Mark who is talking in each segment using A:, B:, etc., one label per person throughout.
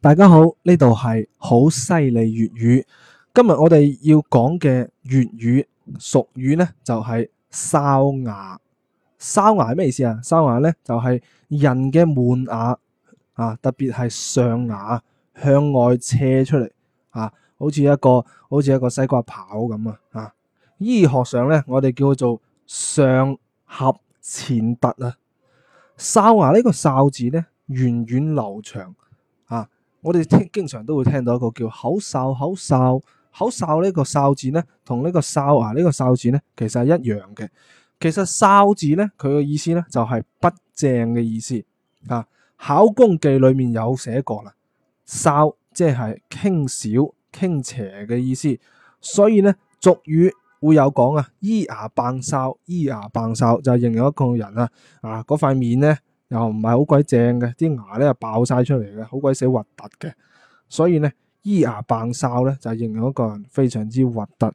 A: 大家好，呢度係好犀利粵語。今日我哋要講嘅粵語俗語呢，就係哨牙。哨牙係咩意思啊？哨牙呢，就係人嘅門牙啊，特別係上牙向外斜出嚟，啊，好似一個好似一個西瓜刨咁啊。啊，醫學上呢，我哋叫做上頜前突啊。哨牙呢個哨字呢，源遠流長。我哋聽經常都會聽到一個叫口哨口哨口哨呢個哨字呢，同呢個哨牙呢個哨字呢，其實係一樣嘅。其實哨字呢，佢嘅意思呢就係、是、不正嘅意思啊。《考工記》裏面有寫過啦，哨即係傾斜傾斜嘅意思。所以呢俗語會有講啊，咿牙扮哨咿牙扮哨，就形容一個人啊啊嗰塊面呢。又唔係好鬼正嘅，啲牙咧又爆晒出嚟嘅，好鬼死核突嘅。所以咧，依牙爆哨咧就係形容一個人非常之核突。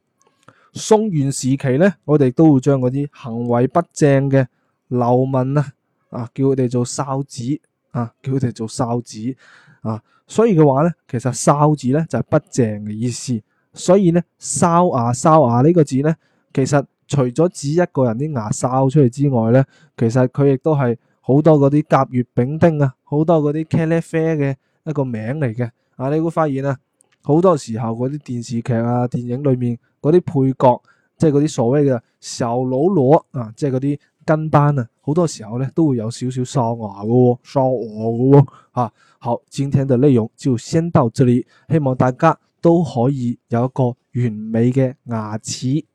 A: 宋元時期咧，我哋都會將嗰啲行為不正嘅流氓啊，啊，叫佢哋做哨子啊，叫佢哋做哨子啊。所以嘅話咧，其實哨子咧就係不正嘅意思。所以咧，哨牙、哨牙呢個字咧，其實除咗指一個人啲牙哨出嚟之外咧，其實佢亦都係。好多嗰啲甲乙丙丁啊，好多嗰啲茄喱啡嘅一個名嚟嘅，啊，你會發現啊，好多時候嗰啲電視劇啊、電影裏面嗰啲配角，即係嗰啲所謂嘅小嘍囉啊，即係嗰啲跟班啊，好多時候咧都會有少少哨牙嘅。哦，哨牙嘅喎。哦啊，好，今天嘅內容就先到這裡，希望大家都可以有一個完美嘅牙齒。